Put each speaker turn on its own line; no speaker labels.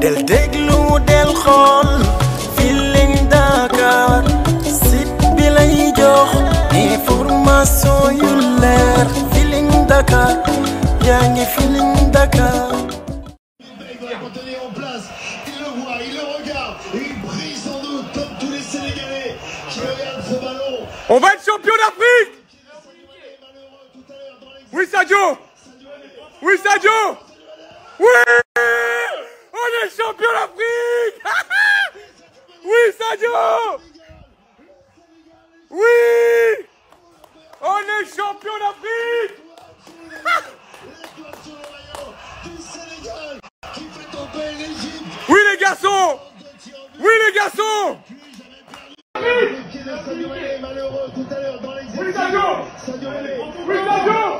del déglu del xool Feeling Dakar site bi lay jox information yu leer Feeling Dakar yaa ngi Feeling Dakar.
On va être champion d'Afrique. Oui Sadio. Oui Sadio. Oui. champion d'Afrique Oui, Sadio Oui On est champion d'Afrique
Oui les garçons Oui les garçons Oui Sadio Oui Sadio